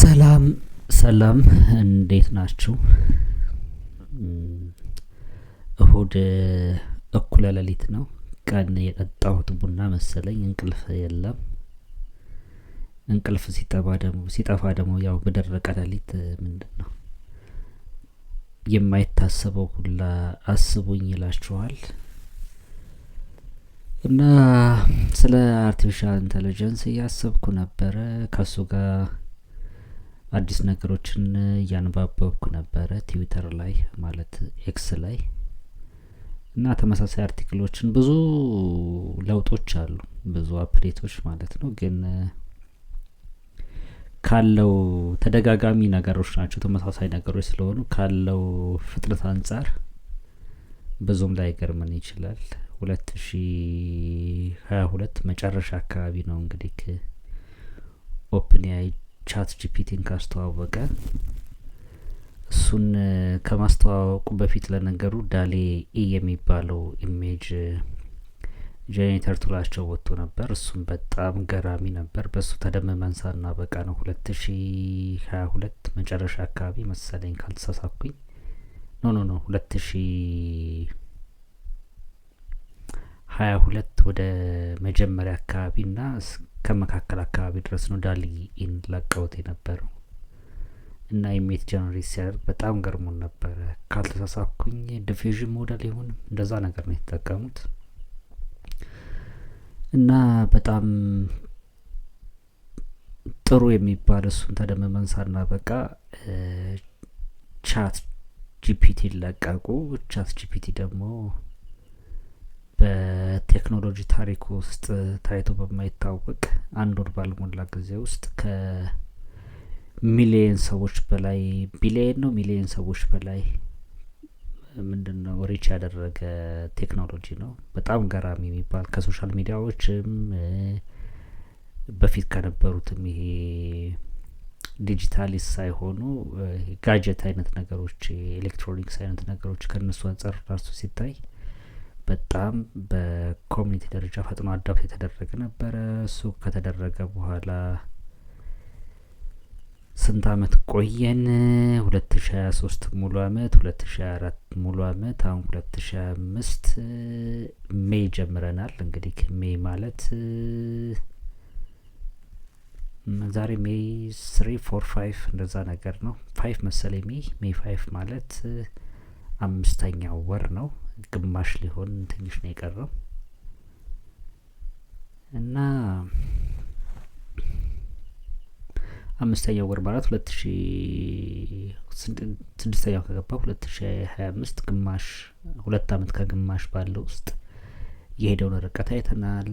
ሰላም ሰላም እንዴት ናችሁ? እሁድ እኩለ ሌሊት ነው። ቀን የጠጣሁት ቡና መሰለኝ እንቅልፍ የለም። እንቅልፍ ደግሞ ሲጠፋ ደግሞ ያው በደረቀ ሌሊት ምንድን ነው የማይታሰበው ሁላ አስቡኝ ይላችኋል። እና ስለ አርቲፊሻል ኢንተለጀንስ እያሰብኩ ነበረ ከሱ ጋር አዲስ ነገሮችን እያንባበብኩ ነበረ ትዊተር ላይ ማለት ኤክስ ላይ እና ተመሳሳይ አርቲክሎችን ብዙ ለውጦች አሉ፣ ብዙ አፕዴቶች ማለት ነው። ግን ካለው ተደጋጋሚ ነገሮች ናቸው፣ ተመሳሳይ ነገሮች ስለሆኑ ካለው ፍጥነት አንጻር ብዙም ላይገርምን ይችላል። ሁለት ሺ ሀያ ሁለት መጨረሻ አካባቢ ነው እንግዲህ ኦፕን ያይ ቻት ጂፒቲን ካስተዋወቀ እሱን ከማስተዋወቁ በፊት ለነገሩ ዳሌ ኢ የሚባለው ኢሜጅ ጄኔሬተር ቱላቸው ወጥቶ ነበር። እሱም በጣም ገራሚ ነበር። በእሱ ተደምመን ሳናበቃ ነው ሁለት ሺ ሀያ ሁለት መጨረሻ አካባቢ መሰለኝ ካልተሳሳኩኝ። ኖ ኖ ኖ ሁለት ሺ ሀያ ሁለት ወደ መጀመሪያ አካባቢ ና ከመካከል አካባቢ ድረስ ነው ኢን ለቀውት የነበረው እና የሜት ጀነሪ ሲያር በጣም ገርሞን ነበረ። ካልተሳሳኩኝ ዲፊዥን ሞዴል አይሆንም እንደዛ ነገር ነው የተጠቀሙት እና በጣም ጥሩ የሚባል እሱን ተደመመን ሳናበቃ ቻት ጂፒቲ ለቀቁ። ቻት ጂፒቲ ደግሞ በቴክኖሎጂ ታሪክ ውስጥ ታይቶ በማይታወቅ አንድ ወር ባልሞላ ጊዜ ውስጥ ከሚሊየን ሰዎች በላይ ቢሊየን ነው ሚሊየን ሰዎች በላይ ምንድን ነው ሪች ያደረገ ቴክኖሎጂ ነው። በጣም ገራሚ የሚባል ከሶሻል ሚዲያዎችም በፊት ከነበሩትም ይሄ ዲጂታሊስ ሳይሆኑ ጋጀት አይነት ነገሮች ኤሌክትሮኒክስ አይነት ነገሮች ከእነሱ አንጻር ራሱ ሲታይ በጣም በኮሚኒቲ ደረጃ ፈጥኖ አዳፕት የተደረገ ነበረ። እሱ ከተደረገ በኋላ ስንት አመት ቆየን? ሁለት ሺ ሀያ ሶስት ሙሉ አመት፣ ሁለት ሺ ሀያ አራት ሙሉ አመት፣ አሁን ሁለት ሺ ሀያ አምስት ሜይ ጀምረናል። እንግዲህ ሜይ ማለት ዛሬ ሜይ ስሪ ፎር ፋይቭ እንደዛ ነገር ነው። ፋይቭ መሰለኝ ሜይ ሜይ ፋይቭ ማለት አምስተኛው ወር ነው። ግማሽ ሊሆን ትንሽ ነው የቀረው እና አምስተኛው ወር ማለት ሁለት ሺ ስድስተኛው ከገባ ሁለት ሺ ሀያ አምስት ግማሽ ሁለት አመት ከግማሽ ባለው ውስጥ የሄደውን ርቀት አይተናል።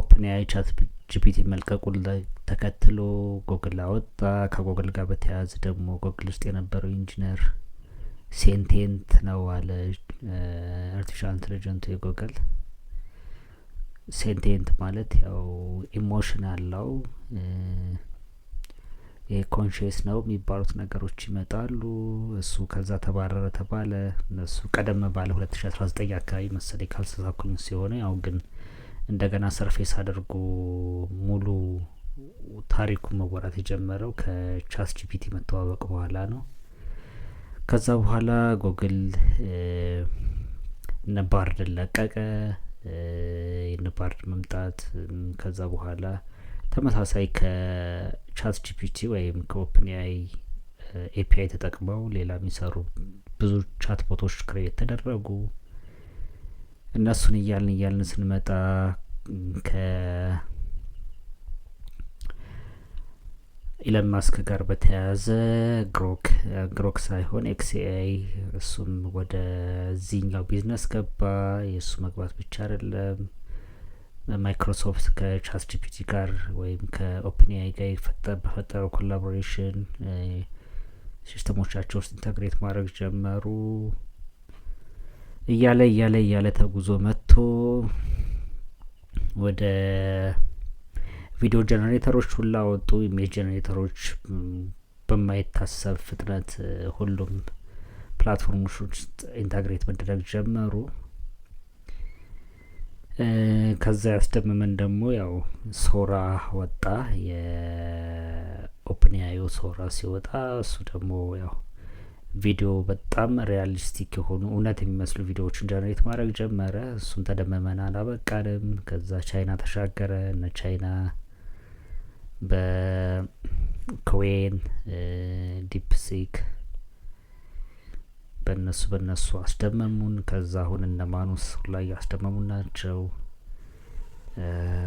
ኦፕን ኤአይ ቻት ጂፒቲ መልቀቁን ተከትሎ ጎግል አወጣ። ከጎግል ጋር በተያያዘ ደግሞ ጎግል ውስጥ የነበረው ኢንጂነር ሴንቴንት ነው አለ አርቲፊሻል ኢንቴሊጀንቱ የጎግል ሴንቴንት ማለት ያው ኢሞሽን አለው ኮንሽስ ነው የሚባሉት ነገሮች ይመጣሉ። እሱ ከዛ ተባረረ ተባለ። እነሱ ቀደም ባለ ሁለት ሺ አስራ ዘጠኝ አካባቢ መሰለኝ ካልተሳሳትኩኝ ሲሆነ ያው ግን እንደገና ሰርፌስ አድርጎ ሙሉ ታሪኩ መወራት የጀመረው ከቻት ጂፒቲ መተዋወቅ በኋላ ነው። ከዛ በኋላ ጎግል እነ ባርድን ለቀቀ። የነባርድ መምጣት ከዛ በኋላ ተመሳሳይ ከቻት ጂፒቲ ወይም ከኦፕን ኤአይ ኤፒአይ ተጠቅመው ሌላ የሚሰሩ ብዙ ቻት ቦቶች ክሬት ተደረጉ። እነሱን እያልን እያልን ስንመጣ ከ ኢለን ማስክ ጋር በተያያዘ ግሮክ ግሮክ ሳይሆን ኤክስኤአይ እሱም ወደዚህኛው ቢዝነስ ገባ። የእሱ መግባት ብቻ አይደለም። ማይክሮሶፍት ከቻት ጂፒቲ ጋር ወይም ከኦፕንኤአይ ጋር በፈጠረው ኮላቦሬሽን ሲስተሞቻቸው ውስጥ ኢንተግሬት ማድረግ ጀመሩ። እያለ እያለ እያለ ተጉዞ መጥቶ ወደ ቪዲዮ ጀኔሬተሮች ሁላ ወጡ። ኢሜጅ ጀኔሬተሮች በማይታሰብ ፍጥነት ሁሉም ፕላትፎርሞች ውስጥ ኢንታግሬት መደረግ ጀመሩ። ከዛ ያስደምመን ደግሞ ያው ሶራ ወጣ። የኦፕን ያዩ ሶራ ሲወጣ እሱ ደግሞ ያው ቪዲዮ በጣም ሪያሊስቲክ የሆኑ እውነት የሚመስሉ ቪዲዮዎችን ጀነሬት ማድረግ ጀመረ። እሱም ተደመመን አላበቃንም። ከዛ ቻይና ተሻገረ። እነ ቻይና በክዌን ዲፕሲክ በእነሱ በእነሱ አስደመሙን። ከዛ አሁን እነ ማኑስ ላይ አስደመሙ ናቸው።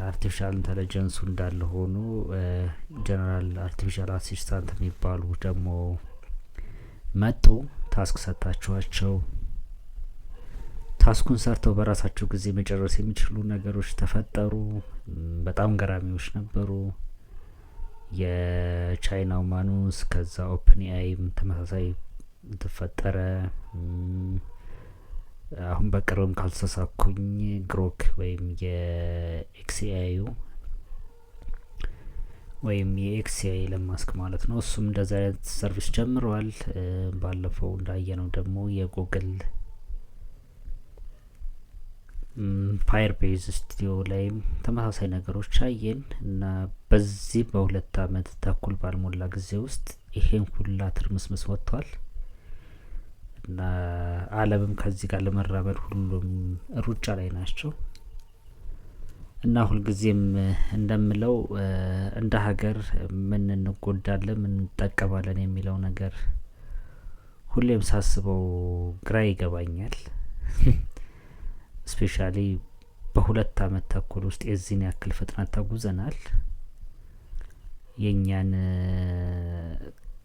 አርቲፊሻል ኢንተለጀንሱ እንዳለ ሆኑ ጀነራል አርቲፊሻል አሲስታንት የሚባሉ ደግሞ መጡ። ታስክ ሰጥታችኋቸው ታስኩን ሰርተው በራሳቸው ጊዜ መጨረስ የሚችሉ ነገሮች ተፈጠሩ። በጣም ገራሚዎች ነበሩ። የቻይናው ማኑስ ከዛ ኦፕን ኤአይም ተመሳሳይ ተፈጠረ። አሁን በቅርብም ካልተሳሳኩኝ ግሮክ ወይም የኤክስኤአዩ ወይም የኤክስኤአይ ለማስክ ማለት ነው። እሱም እንደዚ አይነት ሰርቪስ ጀምረዋል። ባለፈው እንዳየነው ደግሞ የጉግል ፋየር ቤዝ ስቱዲዮ ላይም ተመሳሳይ ነገሮች አየን እና በዚህ በሁለት አመት ተኩል ባልሞላ ጊዜ ውስጥ ይሄን ሁላ ትርምስምስ ወጥቷል እና አለምም ከዚህ ጋር ለመራመድ ሁሉም ሩጫ ላይ ናቸው እና ሁልጊዜም እንደምለው እንደ ሀገር ምን እንጎዳለን፣ ምን እንጠቀማለን የሚለው ነገር ሁሌም ሳስበው ግራ ይገባኛል። ስፔሻሊ በሁለት አመት ተኩል ውስጥ የዚህን ያክል ፍጥነት ተጉዘናል። የእኛን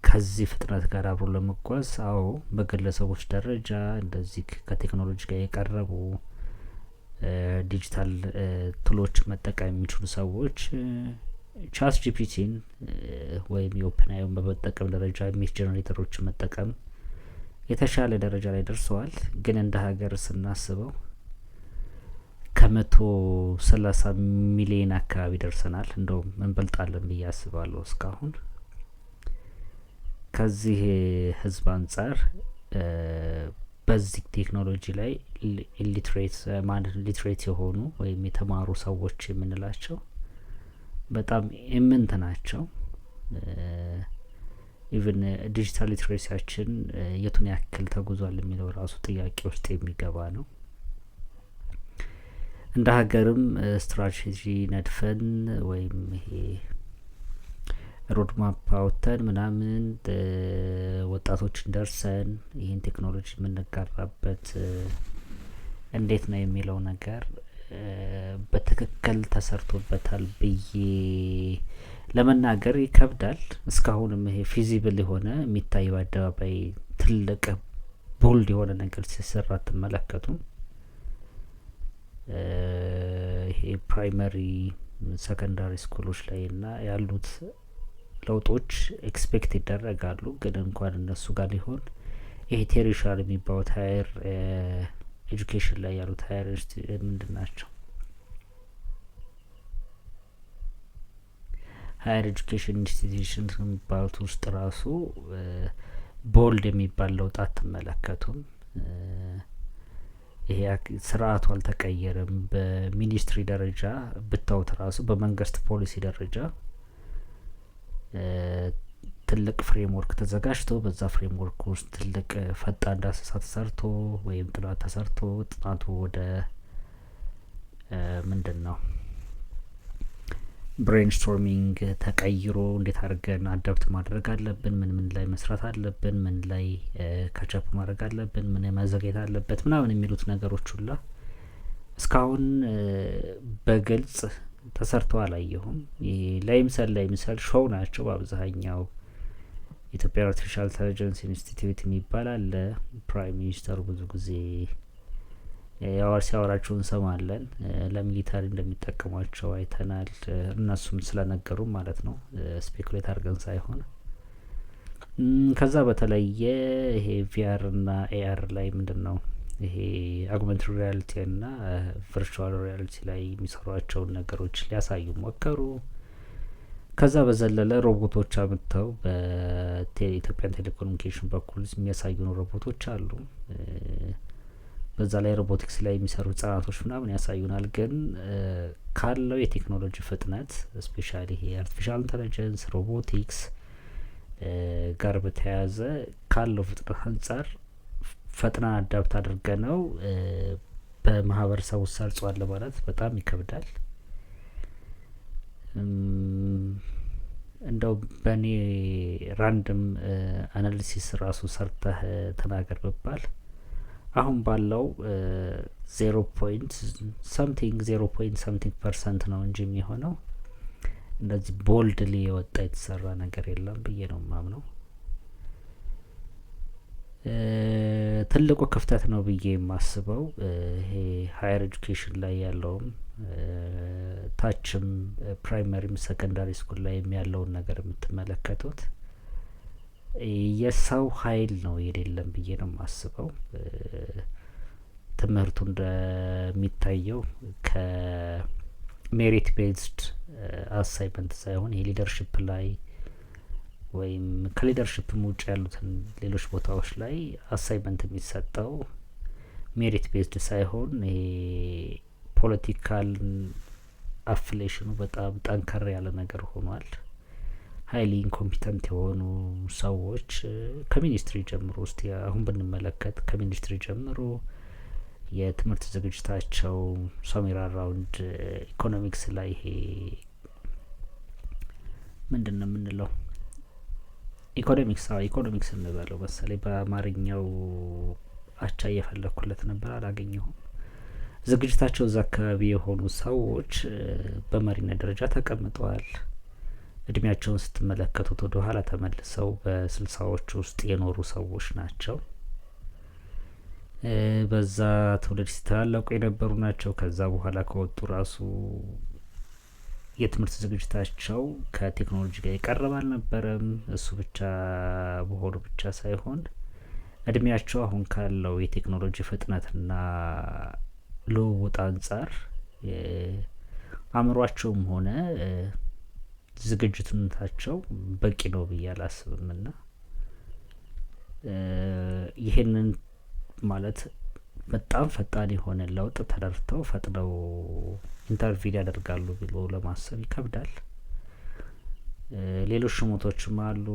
ከዚህ ፍጥነት ጋር አብሮ ለመጓዝ አዎ፣ በግለሰቦች ደረጃ እንደዚህ ከቴክኖሎጂ ጋር የቀረቡ ዲጂታል ትሎች መጠቀም የሚችሉ ሰዎች ቻት ጂፒቲን ወይም የኦፕናዩን በመጠቀም ደረጃ ኢሜጅ ጀነሬተሮችን መጠቀም የተሻለ ደረጃ ላይ ደርሰዋል። ግን እንደ ሀገር ስናስበው ከመቶ ሰላሳ ሚሊዮን አካባቢ ደርሰናል። እንደውም እንበልጣለን ብዬ አስባለሁ እስካሁን ከዚህ ህዝብ አንጻር በዚህ ቴክኖሎጂ ላይ ሊትሬት ሊትሬት የሆኑ ወይም የተማሩ ሰዎች የምንላቸው በጣም ኢምንት ናቸው። ኢቨን ዲጂታል ሊትሬሲያችን የቱን ያክል ተጉዟል የሚለው ራሱ ጥያቄ ውስጥ የሚገባ ነው። እንደ ሀገርም ስትራቴጂ ነድፈን ወይም ይሄ ሮድማፕ አውጥተን ምናምን ወጣቶችን ደርሰን ይህን ቴክኖሎጂ የምንጋራበት እንዴት ነው የሚለው ነገር በትክክል ተሰርቶበታል ብዬ ለመናገር ይከብዳል። እስካሁንም ይሄ ፊዚብል የሆነ የሚታየው አደባባይ ትልቅ ቦልድ የሆነ ነገር ሲሰራ አትመለከቱም። ይሄ ፕራይመሪ ሰከንዳሪ ስኩሎች ላይ እና ያሉት ለውጦች ኤክስፔክት ይደረጋሉ። ግን እንኳን እነሱ ጋር ሊሆን ይሄ ቴሪሻል የሚባሉት ሀየር ኤጁኬሽን ላይ ያሉት ሀየር ምንድን ናቸው? ሀየር ኤጁኬሽን ኢንስቲትዩሽን የሚባሉት ውስጥ ራሱ ቦልድ የሚባል ለውጥ አትመለከቱም። ይሄ ስርአቱ አልተቀየረም። በሚኒስትሪ ደረጃ ብታውት ራሱ በመንግስት ፖሊሲ ደረጃ ትልቅ ፍሬምወርክ ተዘጋጅቶ በዛ ፍሬምወርክ ውስጥ ትልቅ ፈጣን ዳሰሳ ተሰርቶ ወይም ጥናት ተሰርቶ ጥናቱ ወደ ምንድን ነው ብሬንስቶርሚንግ ተቀይሮ እንዴት አድርገን አዳፕት ማድረግ አለብን፣ ምን ምን ላይ መስራት አለብን፣ ምን ላይ ካቻፕ ማድረግ አለብን፣ ምን መዘግየት አለበት ምናምን የሚሉት ነገሮች ሁላ እስካሁን በግልጽ ተሰርተው አላየሁም። ላይምሰል ላይምሰል ሾው ናቸው በአብዛኛው። ኢትዮጵያ አርቲፊሻል ኢንተለጀንስ ኢንስቲትዩት የሚባል አለ። ፕራይም ሚኒስተሩ ብዙ ጊዜ ሲያወራቸው እንሰማለን። ለሚሊታሪ እንደሚጠቀሟቸው አይተናል። እነሱም ስለነገሩ ማለት ነው ስፔኩሌት አድርገን ሳይሆን ከዛ በተለየ ይሄ ቪአር እና ኤአር ላይ ምንድን ነው ይሄ አጉመንት ሪያሊቲ እና ቨርቹዋል ሪያሊቲ ላይ የሚሰሯቸውን ነገሮች ሊያሳዩ ሞከሩ። ከዛ በዘለለ ሮቦቶች አምጥተው በኢትዮጵያን ቴሌኮሙኒኬሽን በኩል የሚያሳዩን ሮቦቶች አሉ። በዛ ላይ ሮቦቲክስ ላይ የሚሰሩ ህጻናቶች ምናምን ያሳዩናል። ግን ካለው የቴክኖሎጂ ፍጥነት ስፔሻሊ አርቲፊሻል ኢንተለጀንስ ሮቦቲክስ ጋር በተያያዘ ካለው ፍጥነት አንጻር ፈጥና አዳብት አድርገ ነው በማህበረሰቡ ሰርጿል ማለት በጣም ይከብዳል። እንደው በእኔ ራንድም አናሊሲስ ራሱ ሰርተህ ተናገር ብባል አሁን ባለው ዜሮ ፖይንት ሰምቲንግ ዜሮ ፖይንት ሰምቲንግ ፐርሰንት ነው እንጂ የሚሆነው እንደዚህ ቦልድሊ የወጣ የተሰራ ነገር የለም ብዬ ነው የማምነው። ትልቁ ክፍተት ነው ብዬ የማስበው ይሄ ሀየር ኤጁኬሽን ላይ ያለውም ታችም ፕራይመሪም ሰከንዳሪ ስኩል ላይ ያለውን ነገር የምትመለከቱት የሰው ኃይል ነው የሌለም ብዬ ነው የማስበው። ትምህርቱ እንደሚታየው ከሜሪት ቤዝድ አሳይመንት ሳይሆን የሊደርሽፕ ላይ ወይም ከሊደርሽፕ ውጭ ያሉትን ሌሎች ቦታዎች ላይ አሳይመንት የሚሰጠው ሜሪት ቤዝድ ሳይሆን ፖለቲካል አፍሌሽኑ በጣም ጠንከር ያለ ነገር ሆኗል። ሀይሊ ኢንኮምፒተንት የሆኑ ሰዎች ከሚኒስትሪ ጀምሮ ውስጥ አሁን ብንመለከት ከሚኒስትሪ ጀምሮ የትምህርት ዝግጅታቸው ሰሜራ ራውንድ ኢኮኖሚክስ ላይ ይሄ ምንድን ነው የምንለው ኢኮኖሚክስ ኢኮኖሚክስ እንበለው መሰለኝ በአማርኛው አቻ እየፈለግኩለት ነበር አላገኘሁም። ዝግጅታቸው እዛ አካባቢ የሆኑ ሰዎች በመሪነት ደረጃ ተቀምጠዋል። እድሜያቸውን ስትመለከቱት ወደ ኋላ ተመልሰው በስልሳዎቹ ውስጥ የኖሩ ሰዎች ናቸው። በዛ ትውልድ ሲተላለቁ የነበሩ ናቸው። ከዛ በኋላ ከወጡ ራሱ የትምህርት ዝግጅታቸው ከቴክኖሎጂ ጋር የቀረበ አልነበረም። እሱ ብቻ በሆኑ ብቻ ሳይሆን እድሜያቸው አሁን ካለው የቴክኖሎጂ ፍጥነትና ልውውጥ አንጻር አእምሯቸውም ሆነ ዝግጅትነታቸው በቂ ነው ብዬ አላስብም ና ይህንን ማለት በጣም ፈጣን የሆነ ለውጥ ተረድተው ፈጥነው ኢንተርቪ ያደርጋሉ ብሎ ለማሰብ ይከብዳል። ሌሎች ሽሞቶችም አሉ።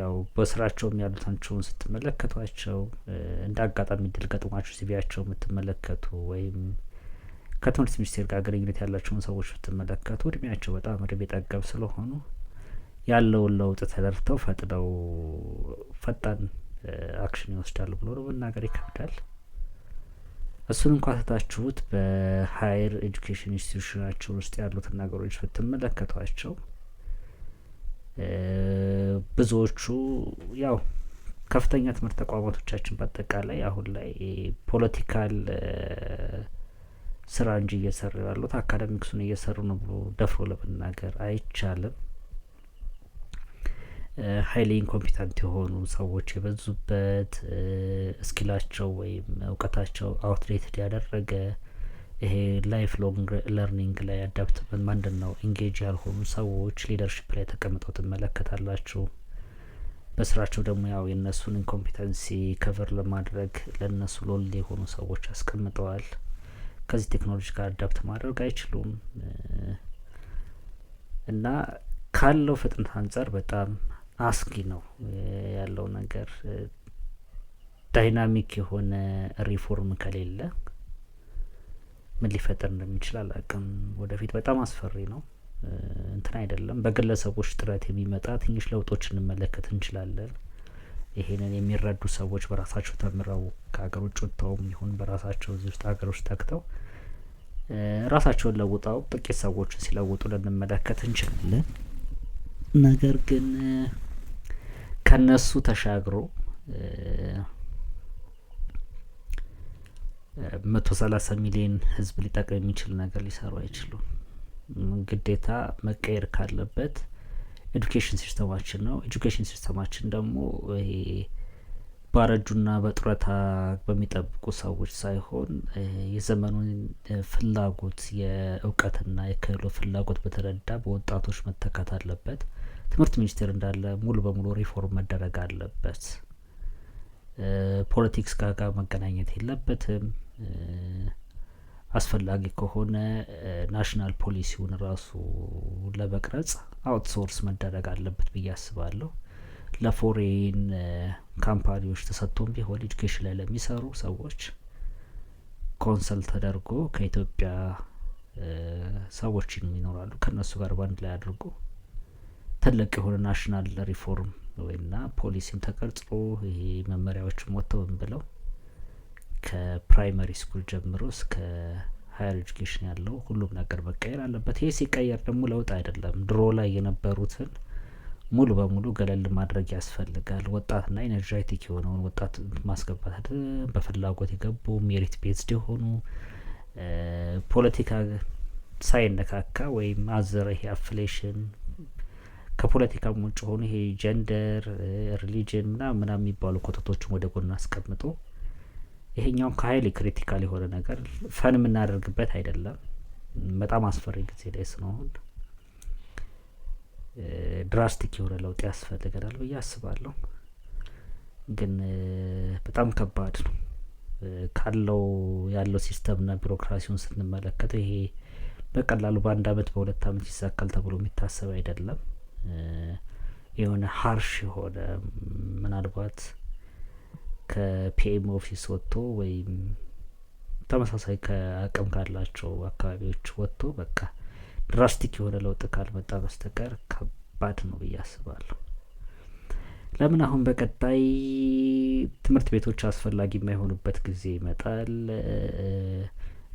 ያው በስራቸው ያሉታቸውን ስትመለከቷቸው እንደ አጋጣሚ ድል ገጥሟቸው ሲቪያቸው የምትመለከቱ ወይም ከትምህርት ሚኒስቴር ጋር ግንኙነት ያላቸውን ሰዎች ብትመለከቱ እድሜያቸው በጣም እድሜ ጠገብ ስለሆኑ ያለውን ለውጥ ተደርተው ፈጥነው ፈጣን አክሽን ይወስዳሉ ብሎ ነው መናገር ይከብዳል። እሱን እንኳ ትታችሁት በሀይር ኤጁኬሽን ኢንስቲቱሽናችን ውስጥ ያሉትን ነገሮች ብትመለከቷቸው ብዙዎቹ ያው ከፍተኛ ትምህርት ተቋማቶቻችን በአጠቃላይ አሁን ላይ ፖለቲካል ስራ እንጂ እየሰሩ ያሉት አካዳሚክሱን እየሰሩ ነው ብሎ ደፍሮ ለመናገር አይቻልም። ሀይሊ ኢንኮምፒተንት የሆኑ ሰዎች የበዙበት እስኪላቸው ወይም እውቀታቸው አውትዴትድ ያደረገ ይሄ ላይፍ ሎንግ ለርኒንግ ላይ አዳፕትመንት ምንድን ነው ኢንጌጅ ያልሆኑ ሰዎች ሊደርሽፕ ላይ ተቀምጠው ትመለከታላችሁ። በስራቸው ደግሞ ያው የእነሱን ኢንኮምፒተንሲ ከቨር ለማድረግ ለእነሱ ሎል የሆኑ ሰዎች አስቀምጠዋል። ከዚህ ቴክኖሎጂ ጋር አዳፕት ማድረግ አይችሉም እና ካለው ፍጥነት አንጻር በጣም አስጊ ነው ያለው ነገር። ዳይናሚክ የሆነ ሪፎርም ከሌለ ምን ሊፈጠር እንደሚችል አላውቅም። ወደፊት በጣም አስፈሪ ነው። እንትን አይደለም፣ በግለሰቦች ጥረት የሚመጣ ትንሽ ለውጦች እንመለከት እንችላለን። ይሄንን የሚረዱ ሰዎች በራሳቸው ተምረው ከሀገር ውጭ ወጥተውም ይሁን በራሳቸው እዚህ ውስጥ ሀገር ውስጥ ራሳቸውን ለውጠው ጥቂት ሰዎችን ሲለውጡ ልንመለከት እንችላለን። ነገር ግን ከነሱ ተሻግሮ መቶ ሰላሳ ሚሊዮን ህዝብ ሊጠቅም የሚችል ነገር ሊሰሩ አይችሉም። ግዴታ መቀየር ካለበት ኤዱኬሽን ሲስተማችን ነው። ኤዱኬሽን ሲስተማችን ደግሞ ይሄ ባረጁና በጡረታ በሚጠብቁ ሰዎች ሳይሆን የዘመኑን ፍላጎት የእውቀትና የክህሎ ፍላጎት በተረዳ በወጣቶች መተካት አለበት። ትምህርት ሚኒስቴር እንዳለ ሙሉ በሙሉ ሪፎርም መደረግ አለበት። ፖለቲክስ ጋር መገናኘት የለበትም። አስፈላጊ ከሆነ ናሽናል ፖሊሲውን ራሱ ለመቅረጽ አውትሶርስ መደረግ አለበት ብዬ አስባለሁ። ለፎሬን ካምፓኒዎች ተሰጥቶም ቢሆን ኤዱኬሽን ላይ ለሚሰሩ ሰዎች ኮንሰልት ተደርጎ ከኢትዮጵያ ሰዎች ይኖራሉ ከእነሱ ጋር ባንድ ላይ አድርጎ ትልቅ የሆነ ናሽናል ሪፎርም ወይና ፖሊሲም ተቀርጾ ይሄ መመሪያዎችም ወጥተውም ብለው ከፕራይመሪ ስኩል ጀምሮ እስከ ሀያር ኤጁኬሽን ያለው ሁሉም ነገር መቀየር አለበት። ይህ ሲቀየር ደግሞ ለውጥ አይደለም፣ ድሮ ላይ የነበሩትን ሙሉ በሙሉ ገለል ማድረግ ያስፈልጋል። ወጣትና ኢነርጂቲክ የሆነውን ወጣት ማስገባት፣ በፍላጎት የገቡ ሜሪት ቤዝድ የሆኑ ፖለቲካ ሳይነካካ ወይም አዘረ ይሄ አፍሌሽን ከፖለቲካም ውጭ ሆኑ ይሄ ጀንደር ሪሊጅን ና ምናም የሚባሉ ኮተቶችን ወደ ጎን አስቀምጦ ይሄኛው ከሀይል ክሪቲካል የሆነ ነገር ፈን የምናደርግበት አይደለም። በጣም አስፈሪ ጊዜ ላይ ስንሆን ድራስቲክ የሆነ ለውጥ ያስፈልገናል ብዬ አስባለሁ። ግን በጣም ከባድ ነው ካለው ያለው ና ቢሮክራሲውን ስንመለከተው ይሄ በቀላሉ በአንድ አመት በሁለት አመት ይሳካል ተብሎ የሚታሰብ አይደለም። የሆነ ሀርሽ የሆነ ምናልባት ከፒኤም ኦፊስ ወጥቶ ወይም ተመሳሳይ ከአቅም ካላቸው አካባቢዎች ወጥቶ በቃ ድራስቲክ የሆነ ለውጥ ካልመጣ በስተቀር ከባድ ነው ብዬ አስባለሁ። ለምን አሁን በቀጣይ ትምህርት ቤቶች አስፈላጊ የማይሆኑበት ጊዜ ይመጣል።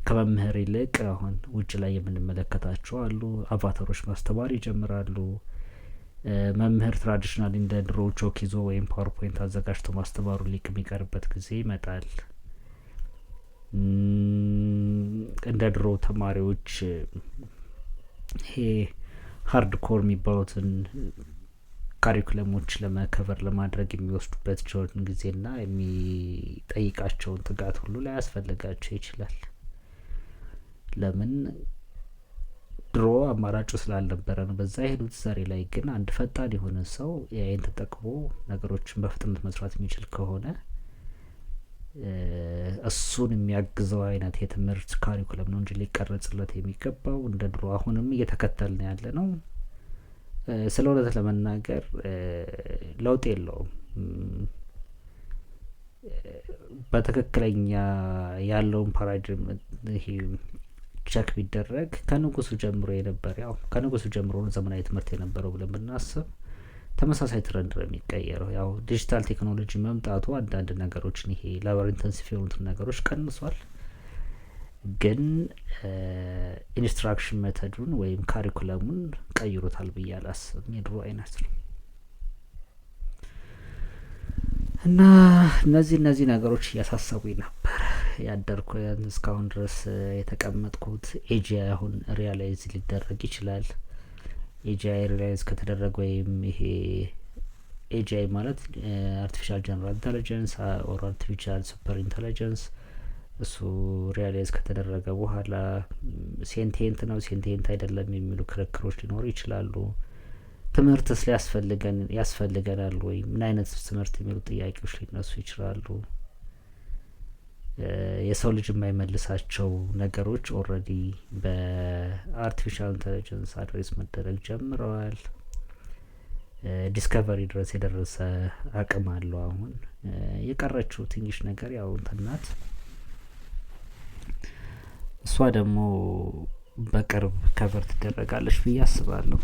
ከመምህር ይልቅ አሁን ውጭ ላይ የምንመለከታቸው አሉ። አቫተሮች ማስተማር ይጀምራሉ። መምህር ትራዲሽናል እንደ ድሮ ቾክ ይዞ ወይም ፓወርፖይንት አዘጋጅቶ ማስተማሩ ሊቅ የሚቀርበት ጊዜ ይመጣል። እንደ ድሮ ተማሪዎች ይሄ ሀርድ ኮር የሚባሉትን ካሪኩለሞች ለመከበር ለማድረግ የሚወስዱበት ጆን ጊዜና የሚጠይቃቸውን ትጋት ሁሉ ያስፈልጋቸው ይችላል። ለምን ድሮ አማራጩ ስላልነበረ ነው በዛ የሄዱት። ዛሬ ላይ ግን አንድ ፈጣን የሆነ ሰው ኤአይን ተጠቅሞ ነገሮችን በፍጥነት መስራት የሚችል ከሆነ እሱን የሚያግዘው አይነት የትምህርት ካሪኩለም ነው እንጂ ሊቀረጽለት የሚገባው እንደ ድሮ አሁንም እየተከተል ነው ያለ ነው። ስለ እውነት ለመናገር ለውጥ የለውም። በትክክለኛ ያለውን ፓራዲግም ይሄ ቸክ ቢደረግ ከንጉሱ ጀምሮ የነበረ ያው ከንጉሱ ጀምሮ ዘመናዊ ትምህርት የነበረው ብለን ብናስብ ተመሳሳይ ትረንድ ነው የሚቀየረው። ያው ዲጂታል ቴክኖሎጂ መምጣቱ አንዳንድ ነገሮችን ይሄ ላበር ኢንተንሲቭ የሆኑትን ነገሮች ቀንሷል። ግን ኢንስትራክሽን ሜተዱን ወይም ካሪኩለሙን ቀይሮታል ብዬ አላስብም። የድሮ አይነት ነው። እና እነዚህ እነዚህ ነገሮች እያሳሰቡኝ ነበር ያደርኩ እስካሁን ድረስ የተቀመጥኩት። ኤጂአይ አሁን ሪያላይዝ ሊደረግ ይችላል። ኤጂአይ ሪያላይዝ ከተደረገ ወይም ይሄ ኤጂአይ ማለት አርቲፊሻል ጀነራል ኢንተለጀንስ ኦር አርቲፊሻል ሱፐር ኢንተለጀንስ እሱ ሪያላይዝ ከተደረገ በኋላ ሴንቴንት ነው ሴንቴንት አይደለም የሚሉ ክርክሮች ሊኖሩ ይችላሉ። ትምህርትስ ሊያስፈልገን ያስፈልገናል ወይ? ምን አይነት ትምህርት የሚሉ ጥያቄዎች ሊነሱ ይችላሉ። የሰው ልጅ የማይመልሳቸው ነገሮች ኦልሬዲ በአርቲፊሻል ኢንቴሊጀንስ አድሬስ መደረግ ጀምረዋል። ዲስከቨሪ ድረስ የደረሰ አቅም አለው። አሁን የቀረችው ትንሽ ነገር ያው እንትን ናት። እሷ ደግሞ በቅርብ ከቨር ትደረጋለች ብዬ አስባለሁ።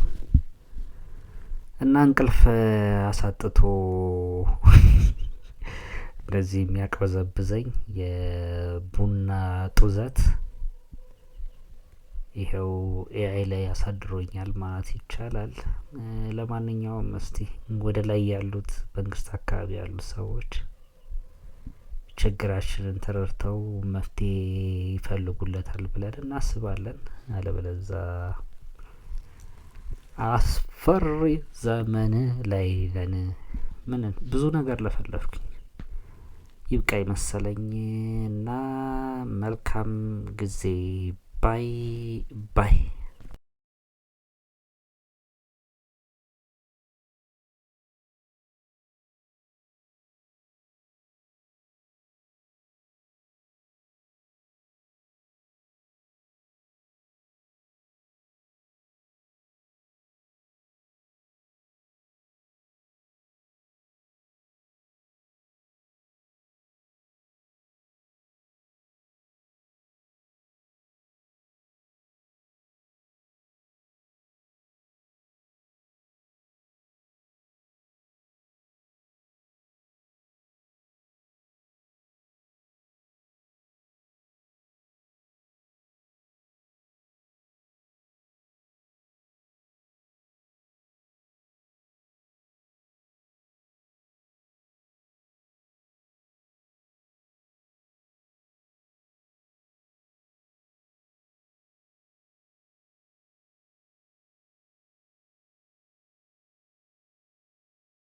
እና እንቅልፍ አሳጥቶ እንደዚህ የሚያቅበዘብዘኝ የቡና ጡዘት ይኸው ኤአይ ላይ ያሳድሮኛል ማለት ይቻላል። ለማንኛውም እስቲ ወደ ላይ ያሉት መንግስት አካባቢ ያሉት ሰዎች ችግራችንን ተረድተው መፍትሄ ይፈልጉለታል ብለን እናስባለን። አለበለዛ ፈሪ ዘመን ላይ ነን። ምን ብዙ ነገር ለፈለፍኩኝ ይብቃይ መሰለኝ እና መልካም ጊዜ ባይ ባይ